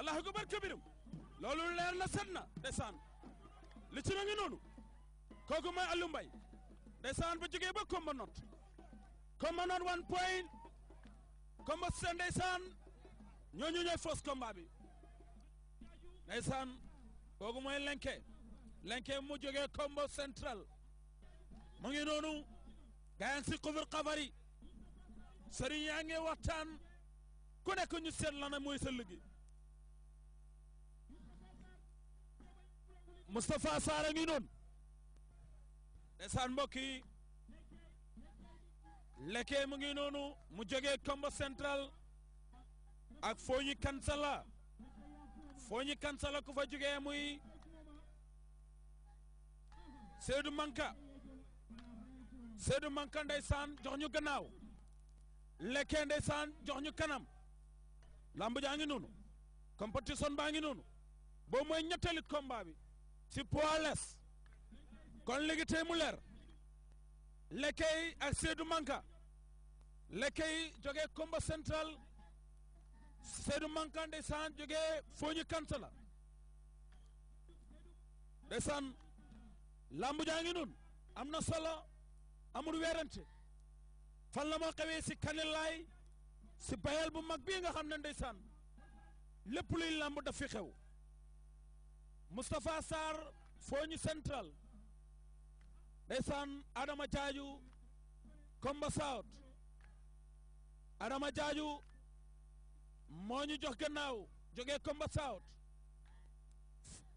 allahu akbar kabiru loolu leer na set na ndeysaan li ci na kooku mooy Aliou Mbaye ndeysaan ba jógee ba komba not komba not one point komba seen ndeysaan ñooñu ñooy fausse combat bi ndeysaan kooku mooy lenke lenke mu jógee komba central mu ngi noonu gayan si xufur yaa ngi waxtaan ku nekk ñu seet la na mooy sa Moustapha Sarr ngi noonu ndeysaan mbokk yi lekkee mu ngi noonu mu jógee Kombo Central ak Foñi Kansala Foñi Kansala ku fa jógee muy Seydou Manka Seydou Manka ndeysaan jox ñu gannaaw lekkee ndeysaan jox ñu kanam lamb jaa ngi noonu compétition baa ngi noonu boo mooy ñetteelit combat bi si poales kon léegi tey mu leer lekkey ak Seydou Manka lekkey jógee Kombo Central Seydou Manka ndeysaan jógee Foñi Kantala ndeysaan lambu jaa ngi nun am na solo amul weerante fan la moo xewee si kanelaay si bayal bu mag bii nga xam na ndeysaan lépp luy lamb daf fi xew Moustapha Sarr Foñu Central ndeysaan Adama Diadio Komba South Adama Diadio moo ñu jox gannaaw jógee Komba South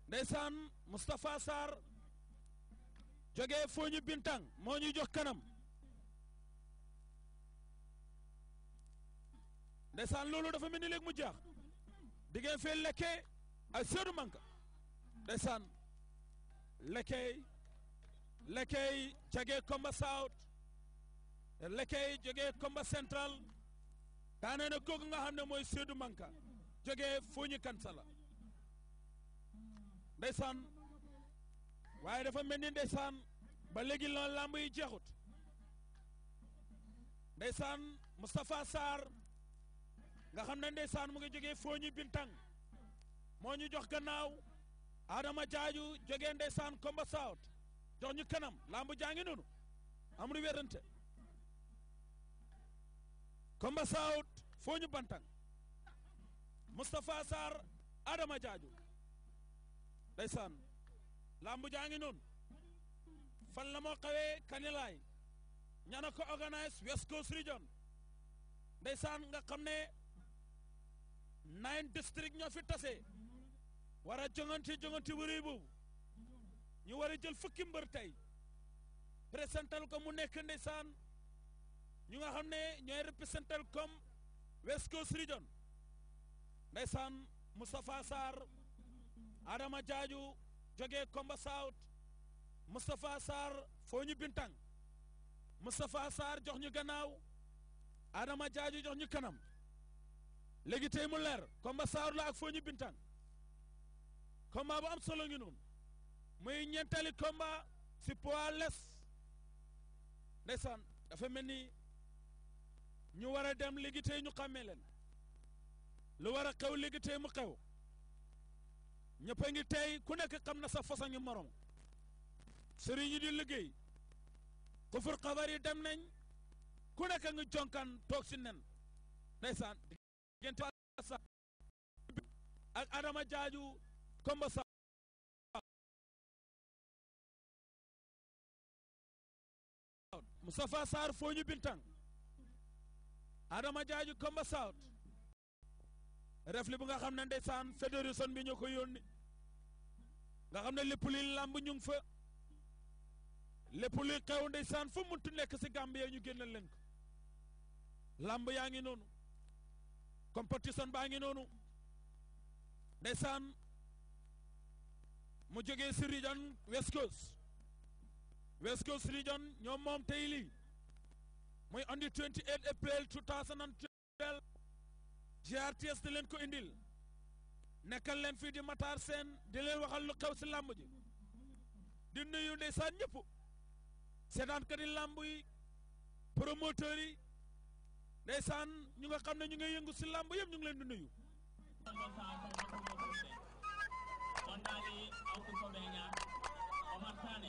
ndeysaan Moustapha Sarr jógee Foñu Bintang moo ñu jox kanam ndeysaan loolu dafa mel ni léeg mu jaax diggéen fee lekke ak Seydou Manka ndeysaan lekkey lekkey jege Komba South lekkey jege Komba Central daanee na kooku nga xam ne mooy Seydou Manka jógee Foñi Kansala ndeysaan waaye dafa mel ni ndeysaan ba léegi la làmb yi jeexut desan Moustapha Sarr nga xam ne ndeysaan mu ngi jógee Foñi Bintang moo ñu jox gannaaw Adama Jaaju jógee ndeysaan Komba Saot jox ñu kanam lambu jaa ngi noonu amul wérante Komba Saot foo ñu bantang Moustapha Sarr Adama Jaaju ndeysaan lambu jaa ngi noonu fan Kanilaay ñana ko organise West Coast Region ndeysaan nga xam ne nine district ñoo fi tase war a jongante jongante bu rëy boobu ñu war jël fukki mbër tey présental ko mu nekk ndeysaan ñu nga xam ne ñooy représental comme West Coast Region ndeysaan Moustapha Sarr Adama Jaaju jógee Komba South Moustapha Sarr foo ñu bintang Moustapha Sarr jox ñu gannaaw Adama Jaaju jox ñu kanam léegi mu leer Komba Sarr la ak foo ñu bintang combat bu am solo ngi noonu muy ñeenteeli combat si poids les ndeysaan dafa mel ni ñu war a dem léegi tey ñu xàmmee leen lu war a xew léegi mu xew ñëpp a ngi tey ku nekk xam na sa façon ngi morom sëriñ yi di liggéey kufur xabar yi dem nañ ku nekk nga jonkan toog si nen ndeysaan diggante ak Adama Jaaju Komba Sarr Moustapha Sarr Foñu Bintang Adama Jaaju Komba Sarr ref li bu nga xam ne ndeysaan fédération bi ñoo ko yónni nga xam ne lépp luy làmb ñu ngi fa lépp luy xew fu mu nekk si Gambie ñu génnal leen ko làmb yaa ngi noonu baa ngi noonu mu jógee si region West Coast West Coast moom tey lii muy andi 28 april GRTS di leen ko indil nekkal leen fii di Matar Seen di leen waxal lu xew si làmb ji di nuyu ndeysaan ñëpp seetaankat yi làmb yi promoteurs yi saan ñu nga xam ne ñu ngay yëngu si làmb yëpp ñu ngi leen di nuyu daal di aw ko soobee ñaar Omar Sané